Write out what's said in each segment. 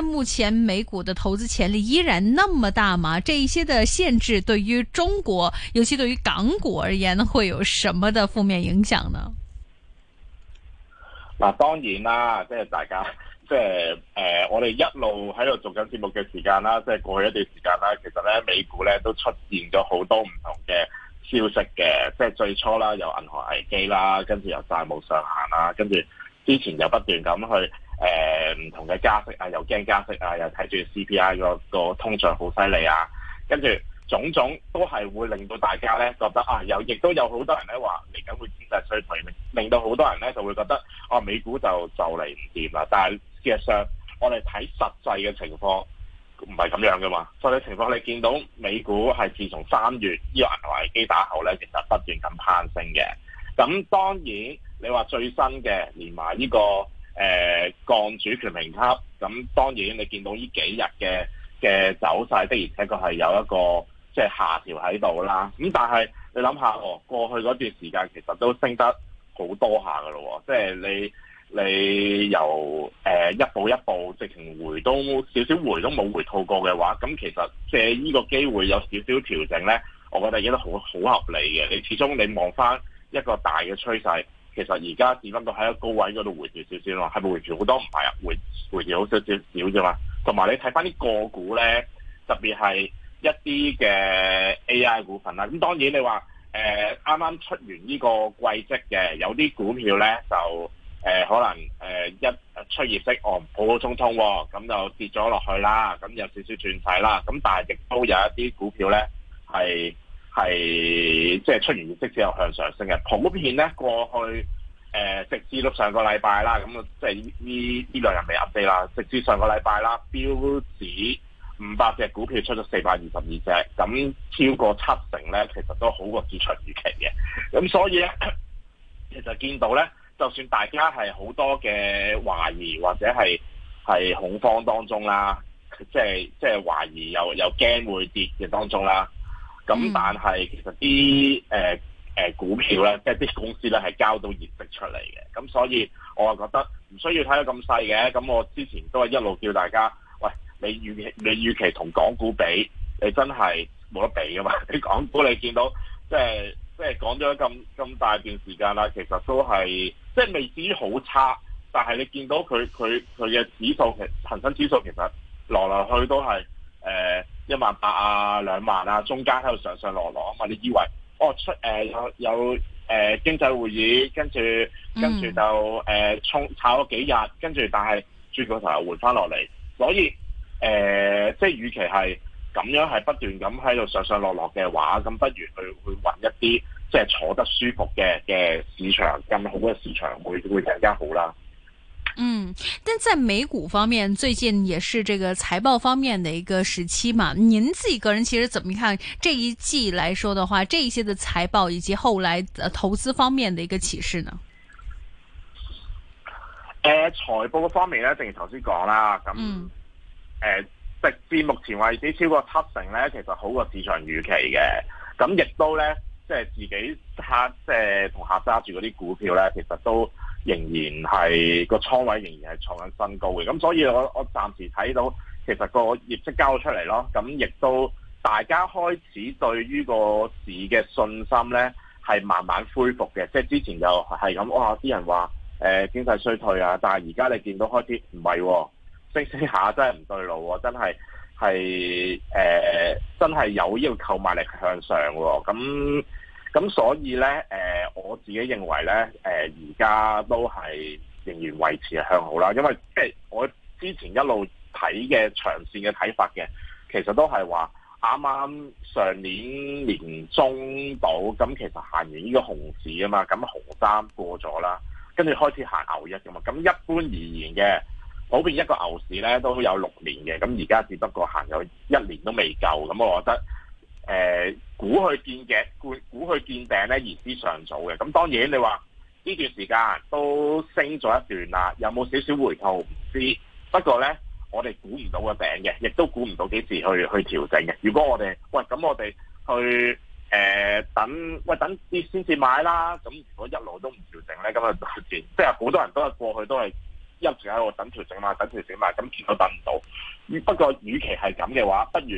但目前美股的投資潛力依然那麼大嗎？這一些的限制對於中國，尤其對於港股而言，會有什麼的負面影響呢？嗱，當然啦，即係大家，即係誒，我哋一路喺度做緊節目嘅時間啦，即係過去一段時間啦，其實咧美股咧都出現咗好多唔同嘅消息嘅，即係最初啦，有銀行危機啦，跟住有債務上限啦，跟住之前又不斷咁去。誒、呃，唔同嘅加息啊，又驚加息啊，又睇住 CPI 嗰個通脹好犀利啊，跟住種種都係會令到大家咧覺得啊，又亦都有好多人咧話嚟緊會經濟衰退，令令到好多人咧就會覺得啊，美股就就嚟唔掂啦。但係事實上，我哋睇實際嘅情況唔係咁樣噶嘛。實際情況你見到美股係自從三月呢個危機打後咧，其實不斷咁攀升嘅。咁當然你話最新嘅連埋呢個。.誒、呃、降主權評級，咁當然你見到呢幾日嘅嘅走勢的，而且確係有一個即係下調喺度啦。咁但係你諗下、哦，過去嗰段時間其實都升得好多下噶咯。即、就、係、是、你你由誒、呃、一步一步直情回都少少回都冇回吐過嘅話，咁其實借呢個機會有少少調整咧，我覺得已經都好好合理嘅。你始終你望翻一個大嘅趨勢。其實而家市況都喺一個高位嗰度回調少少咯，係咪回調好多？唔係啊，回回調好少少少啫嘛。同埋你睇翻啲個股咧，特別係一啲嘅 AI 股份啦。咁當然你話誒啱啱出完呢個季績嘅，有啲股票咧就誒、呃、可能誒、呃、一出業績哦，普普通通喎，咁、哦、就跌咗落去啦，咁有少少轉勢啦。咁但係亦都有一啲股票咧係。是係即係出完業績之後向上升嘅，普遍咧，過去誒、呃、直至到上個禮拜啦，咁啊即係呢呢兩日未入市啦，直至上個禮拜啦，標指五百隻股票出咗四百二十二隻，咁超過七成咧，其實都好過市場預期嘅，咁所以咧，其實見到咧，就算大家係好多嘅懷疑或者係係恐慌當中啦，即係即係懷疑又又驚會跌嘅當中啦。咁但係其實啲誒股票咧，即係啲公司咧係交到業績出嚟嘅，咁所以我係覺得唔需要睇得咁細嘅。咁我之前都係一路叫大家，喂，你預期你預期同港股比，你真係冇得比噶嘛？你港股你見到即係即係講咗咁咁大段時間啦，其實都係即係未至於好差，但係你見到佢佢佢嘅指數其恆生指數其實來來去去都係。誒、呃、一萬八啊，兩萬啊，中間喺度上上落落啊嘛，你以為哦出誒、呃、有有誒、呃、經濟會議，跟住跟住就誒衝炒咗幾日，跟住、呃、但係轉個頭又換返落嚟，所以誒、呃、即係與其係咁樣係不斷咁喺度上上落落嘅話，咁不如去去搵一啲即係坐得舒服嘅嘅市場，更好嘅市場會會更加好啦。嗯，但在美股方面，最近也是這個財報方面的一個時期嘛。您自己個人其實怎麼看這一季來說的話，這一些的財報以及後來投資方面的一個啟示呢？誒、呃，財報方面呢，正如頭先講啦，咁誒、嗯呃，直至目前為止超過七成呢，其實好過市場預期嘅。咁亦都呢，即係自己吓，即係同客揸住嗰啲股票呢，其實都。仍然係、個倉位，仍然係創緊新高嘅。咁所以我我暫時睇到，其實個業績交出嚟咯。咁亦都大家開始對於個市嘅信心呢，係慢慢恢復嘅。即係之前又係咁，哇！啲人話誒、呃、經濟衰退啊，但係而家你見到開始唔係，升升、啊、下真係唔對路、啊，真係係誒真係有呢個購買力向上喎、啊。咁咁所以咧，誒、呃、我自己認為咧，誒而家都係仍然維持係向好啦，因為即係我之前一路睇嘅長線嘅睇法嘅，其實都係話啱啱上年年中到，咁、嗯、其實行完呢個熊市啊嘛，咁熊三過咗啦，跟住開始行牛一啊嘛，咁、嗯、一般而言嘅普遍一個牛市咧都有六年嘅，咁而家只不過行咗一年都未夠，咁、嗯、我覺得。誒估去見嘅，估去見頂咧，言之尚早嘅。咁當然你話呢段時間都升咗一段啦，有冇少少回頭唔知。不過咧，我哋估唔到個頂嘅，亦都估唔到幾時去去調整嘅。如果我哋喂咁，咁我哋去誒、呃、等喂等啲先至買啦。咁如果一路都唔調整咧，咁啊不斷即係好多人都係過去都係一直喺度等調整嘛，等調整嘛。咁全都等唔到。不過與其係咁嘅話，不如。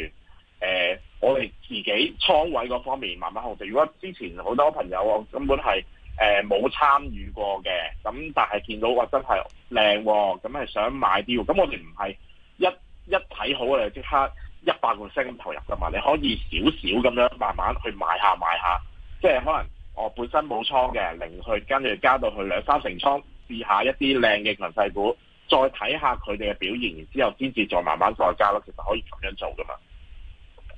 誒、呃，我哋自己倉位嗰方面慢慢控制。如果之前好多朋友根本係誒冇參與過嘅，咁但係見到話真係靚喎，咁係想買啲喎。咁我哋唔係一一睇好，我哋即刻一百個 percent 咁投入噶嘛？你可以少少咁樣慢慢去買下買下，即係可能我本身冇倉嘅，零去跟住加到去兩三成倉試一下一啲靚嘅藍籌股，再睇下佢哋嘅表現，然之後先至再慢慢再加咯。其實可以咁樣做噶嘛。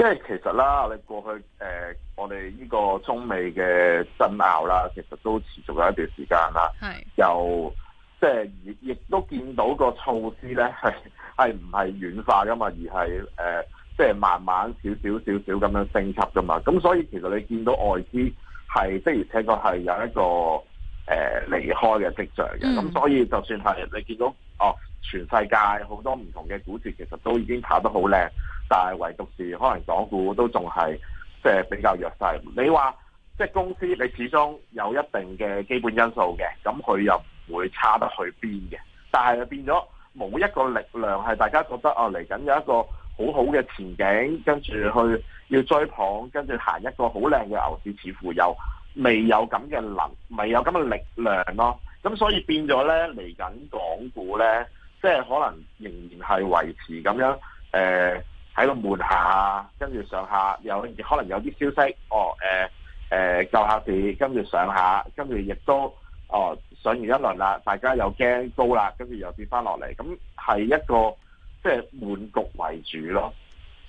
因係其實啦，你過去誒、呃，我哋呢個中美嘅爭拗啦，其實都持續咗一段時間啦。係。又即係亦亦都見到個措施咧，係係唔係軟化噶嘛，而係誒、呃、即係慢慢少少少少咁樣升級噶嘛。咁所以其實你見到外資係的而且確係有一個誒離、呃、開嘅跡象嘅。咁、嗯、所以就算係你見到哦，全世界好多唔同嘅股市其實都已經跑得好靚。但係唯獨是可能港股都仲係即係比較弱勢。你話即係公司，你始終有一定嘅基本因素嘅，咁佢又唔會差得去邊嘅。但係變咗冇一個力量係大家覺得哦，嚟緊有一個好好嘅前景，跟住去要追捧，跟住行一個好靚嘅牛市，似乎又未有咁嘅能，未有咁嘅力量咯。咁所以變咗呢，嚟緊港股呢，即係可能仍然係維持咁樣，呃喺個門下，跟住上下，有可能有啲消息。哦，誒、欸、誒、欸、救下市，跟住上下，跟住亦都哦上完一輪啦，大家又驚高啦，跟住又跌翻落嚟。咁係一個即係悶局為主咯。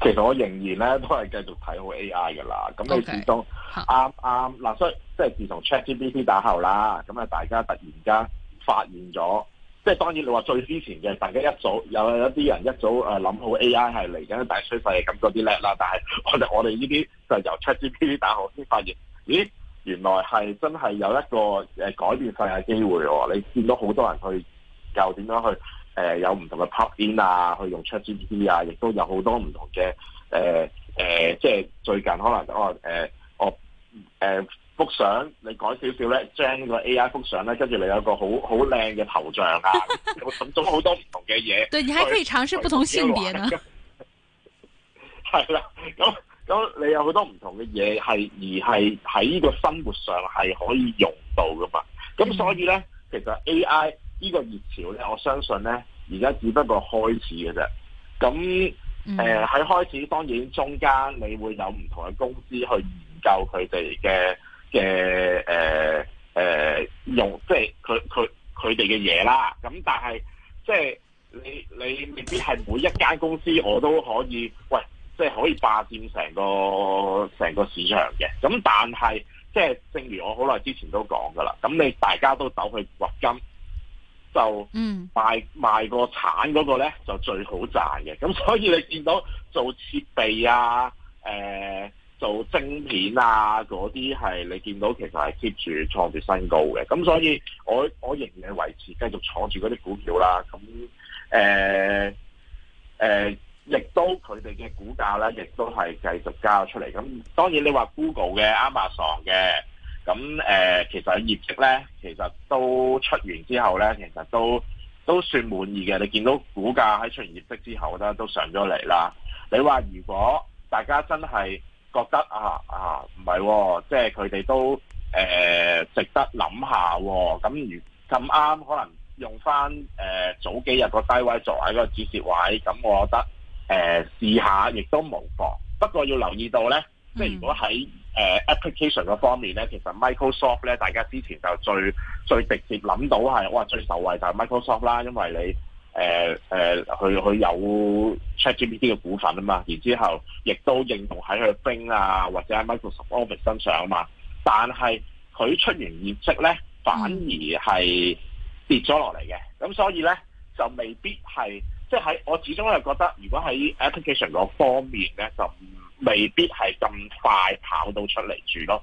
其實我仍然咧都係繼續睇好 AI 嘅啦。咁你始終啱啱嗱，所以即係自從 ChatGPT 打後啦，咁啊大家突然間發現咗，即係當然你話最之前嘅，大家一早有一啲人一早誒諗好 AI 係嚟緊大趨勢咁嗰啲叻啦。但係我哋我哋呢啲就由 ChatGPT 打後先發現，咦，原來係真係有一個改變世界嘅機會喎。你見到好多人去教點樣去。誒、呃，有唔同嘅 plugin 啊，去用 ChatGPT 啊，亦都有好多唔同嘅誒誒，即係最近可能，可能、呃、我誒我誒，幅、呃、相你改少少咧，將個 AI 幅相咧，跟住你有一個好好靚嘅頭像啊，我心中好多唔同嘅嘢。 即你還可以嘗試不， 不同性別呢？係 啦，咁咁你有好多唔同嘅嘢係而係喺呢個生活上係可以用到噶嘛？咁所以咧，其實 AI。呢個熱潮咧，我相信咧，而家只不過開始嘅啫。咁誒喺開始，當然中間你會有唔同嘅公司去研究佢哋嘅嘅誒誒用，即係佢佢佢哋嘅嘢啦。咁但係即係你你未必係每一間公司我都可以，喂，即係可以霸佔成個成個市場嘅。咁但係即係正如我好耐之前都講㗎喇，咁你大家都走去掘金。就賣賣個產嗰個咧就最好賺嘅，咁所以你見到做設備啊、呃，做晶片啊嗰啲係你見到其實係 keep 住創住新高嘅，咁所以我我仍然係維持繼續坐住嗰啲股票啦，咁呃，呃，亦都佢哋嘅股價咧亦都係繼續交出嚟，咁當然你話 Google 嘅、Amazon 嘅，咁誒。呃其實喺業績咧，其實都出完之後咧，其實都都算滿意嘅。你見到股價喺出完業績之後咧，都上咗嚟啦。你話如果大家真係覺得啊啊唔係、哦，即係佢哋都誒、呃、值得諗下喎、哦。咁如咁啱，可能用翻誒、呃、早幾日個低位作為一個止蝕位，咁我覺得誒、呃、試下亦都無妨。不過要留意到咧，即係如果喺誒、uh, application 嗰方面咧，其實 Microsoft 咧，大家之前就最最直接諗到係，哇最受惠就係 Microsoft 啦，因為你誒誒佢佢有 ChatGPT 嘅股份啊嘛，然之後亦都認同喺佢 Bing 啊或者喺 Microsoft Office 身上啊嘛，但係佢出完業績咧，反而係跌咗落嚟嘅，咁所以咧就未必係即係我始終係覺得，如果喺 application 嗰方面咧就，未必係咁快跑到出嚟住咯。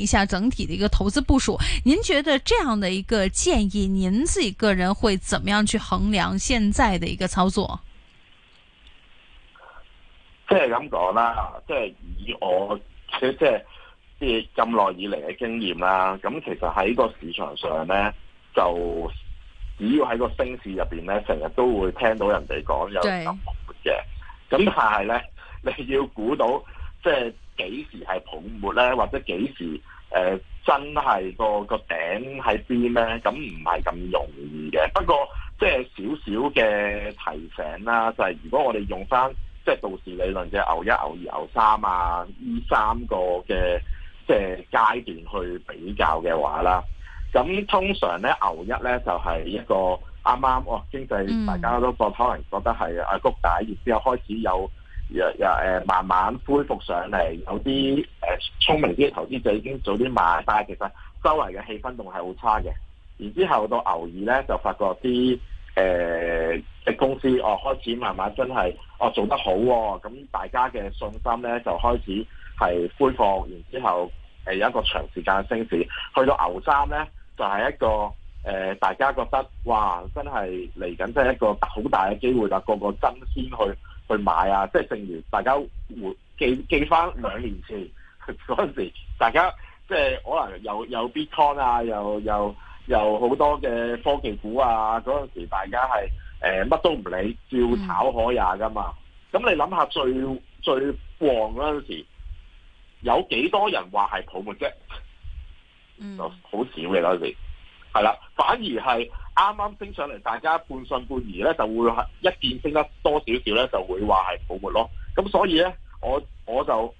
一下整體的一個投資部署，您覺得這樣的一個建議，您自己個人會怎麼樣去衡量現在的一個操作？即係咁講啦，即係以我即係即係咁耐以嚟嘅經驗啦，咁其實喺個市場上咧，就只要喺個升市入邊咧，成日都會聽到人哋講有急跌嘅，咁但係咧，你要估到。即係幾時係泡沫咧，或者幾時誒、呃、真係個個頂喺邊咧？咁唔係咁容易嘅。不過即係少少嘅提醒啦，就係、是、如果我哋用翻即係道氏理論嘅牛一、牛二、牛三啊，呢三個嘅即係階段去比較嘅話啦，咁通常咧，牛一咧就係、是、一個啱啱哦經濟、嗯、大家都覺可能覺得係啊谷底，然之後開始有。又又誒慢慢恢復上嚟，有啲誒聰明啲投資者已經早啲買，但係其實周圍嘅氣氛仲係好差嘅。然之後到牛二呢，就發覺啲誒啲公司哦開始慢慢真係哦做得好喎、哦，咁大家嘅信心呢，就開始係恢復。然之後誒有、呃、一個長時間嘅升市，去到牛三呢，就係、是、一個誒、呃、大家覺得哇真係嚟緊真係一個好大嘅機會啦，個個爭先去。去買啊！即係正如大家回記記翻兩年前嗰陣時，大家即係可能有有 Bitcoin 啊，又又又好多嘅科技股啊，嗰陣時大家係誒乜都唔理，照炒可也㗎嘛。咁你諗下最最旺嗰陣時，有幾多人話係泡沫啫？嗯、就好少嘅嗰陣時，係啦，反而係啱啱升上嚟，大家半信半疑咧，就會一見升得多少少咧，就會話係泡沫咯。咁所以咧，我我就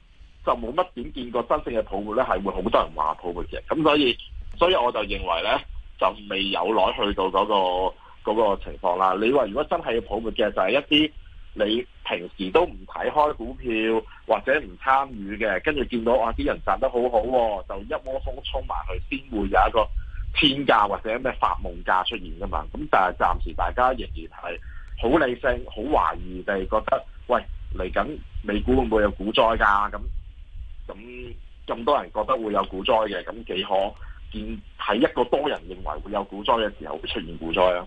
就冇乜點見過真正嘅泡沫咧，係會好多人話泡沫嘅。咁所以，所以我就認為咧，就未有耐去到嗰個嗰個情況啦。你話如果真係要泡沫嘅，就係、是、一啲你平時都唔睇開股票或者唔參與嘅，跟住見到啊啲、哦、人賺得好好、哦，就一窩蜂衝埋去，先會有一個。天價或者咩發夢價出現㗎嘛？咁但係暫時大家仍然係好理性、好懷疑地覺得，喂嚟緊美股會唔會有股災㗎？咁咁咁多人覺得會有股災嘅，咁幾可見係一個多人認為會有股災嘅時候，會出現股災啊！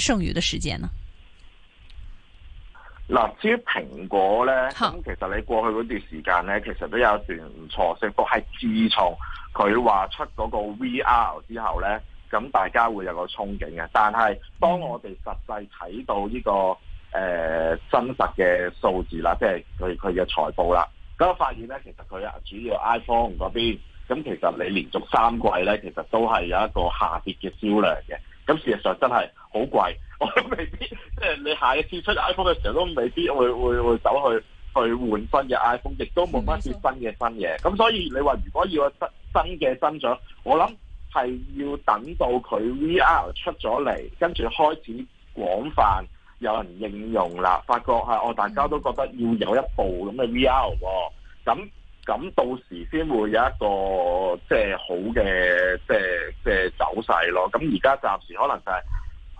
剩餘嘅時間呢？嗱，至於蘋果呢，咁其實你過去嗰段時間呢，其實都有一段唔錯升幅。係自從佢話出嗰個 VR 之後呢，咁大家會有個憧憬嘅。但係當我哋實際睇到呢，這個誒、呃、真實嘅數字啦，即係佢佢嘅財報啦，咁我發現呢，其實佢啊主要 iPhone 嗰邊，咁其實你連續三季呢，其實都係有一個下跌嘅銷量嘅。咁事實上真係。好貴，我都未必，即係你下一次出 iPhone 嘅時候都未必會會會走去去換新嘅 iPhone，亦都冇乜啲新嘅新嘢。咁所以你話如果要新新嘅增長，我諗係要等到佢 VR 出咗嚟，跟住開始廣泛有人應用啦，發覺係哦，大家都覺得要有一部咁嘅 VR 喎，咁咁到時先會有一個即係好嘅即係即係走勢咯。咁而家暫時可能就係。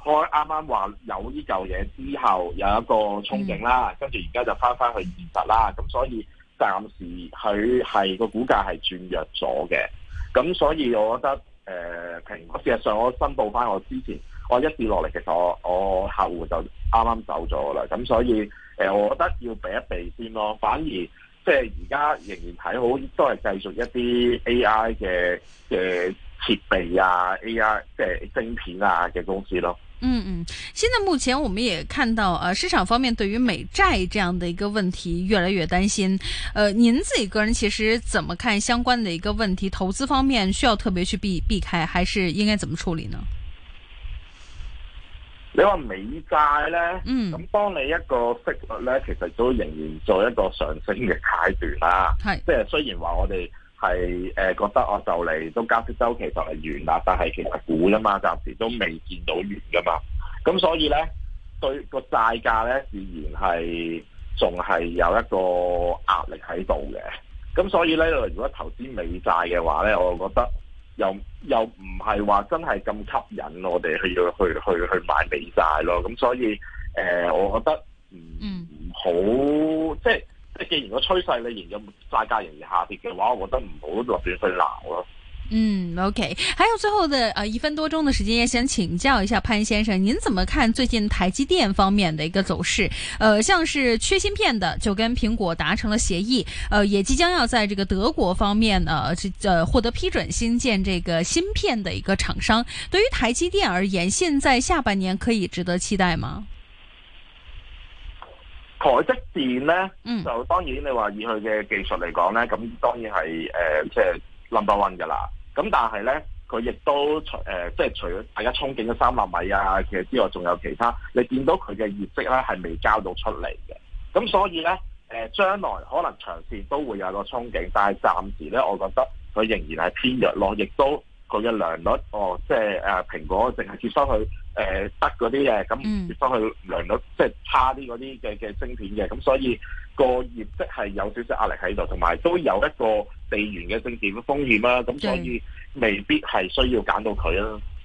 開啱啱話有呢嚿嘢之後有一個憧憬啦，跟住而家就翻返去現實啦，咁所以暫時佢係個股價係轉弱咗嘅。咁所以我覺得誒平、呃，事實上我申報翻我之前我一跌落嚟，其實我我客戶就啱啱走咗啦。咁所以誒、呃，我覺得要避一避先咯。反而即係而家仍然睇好都係繼續一啲 AI 嘅嘅設備啊，AI 即係晶片啊嘅公司咯。嗯嗯，現在目前我們也看到，啊，市場方面對於美債這樣的一個問題越來越擔心。呃，您自己個人其實怎麼看相關的一個問題？投資方面需要特別去避，避開，還是應該怎麼處理呢？你話美債呢？嗯，咁當你一個息率呢，其實都仍然在一個上升嘅階段啦，啊，係，即係雖然話我哋。係誒、呃、覺得我就嚟都加息週期就嚟完啦，但係其實股啫嘛，暫時都未見到完㗎嘛，咁所以呢對，個債價呢自然係仲係有一個壓力喺度嘅，咁所以呢如果投資美債嘅話呢，我覺得又又唔係話真係咁吸引我哋去要去去去買美債囉，咁所以誒、呃，我覺得唔唔好即係。既然個趨勢裏面然有債價容易下跌嘅話，我覺得唔好落斷去鬧咯。嗯，OK，還有最後的啊、呃、一分多鐘嘅時間，先請教一下潘先生，您怎麼看最近台積電方面嘅一個走勢？呃，像是缺芯片的，就跟蘋果達成了協議，呃，也即將要喺這個德國方面呢，呃，去呃獲得批准新建這個芯片嘅一個廠商。對於台積電而言，現在下半年可以值得期待嗎？台積電咧，就當然你話以佢嘅技術嚟講咧，咁當然係誒即係 number one 㗎啦。咁但係咧，佢亦都、呃就是、除即係除咗大家憧憬嘅三百米啊，其實之外仲有其他。你見到佢嘅業績咧係未交到出嚟嘅。咁所以咧誒、呃，將來可能長線都會有個憧憬，但係暫時咧，我覺得佢仍然係偏弱咯。亦都佢嘅良率，哦，即係誒蘋果淨係接收佢。誒、呃、得嗰啲嘅，咁越翻去量到，即、就、係、是、差啲嗰啲嘅嘅晶片嘅，咁所以、那個業績係有少少壓力喺度，同埋都有一個地緣嘅晶片風險啦、啊，咁所以、嗯、未必係需要揀到佢啊。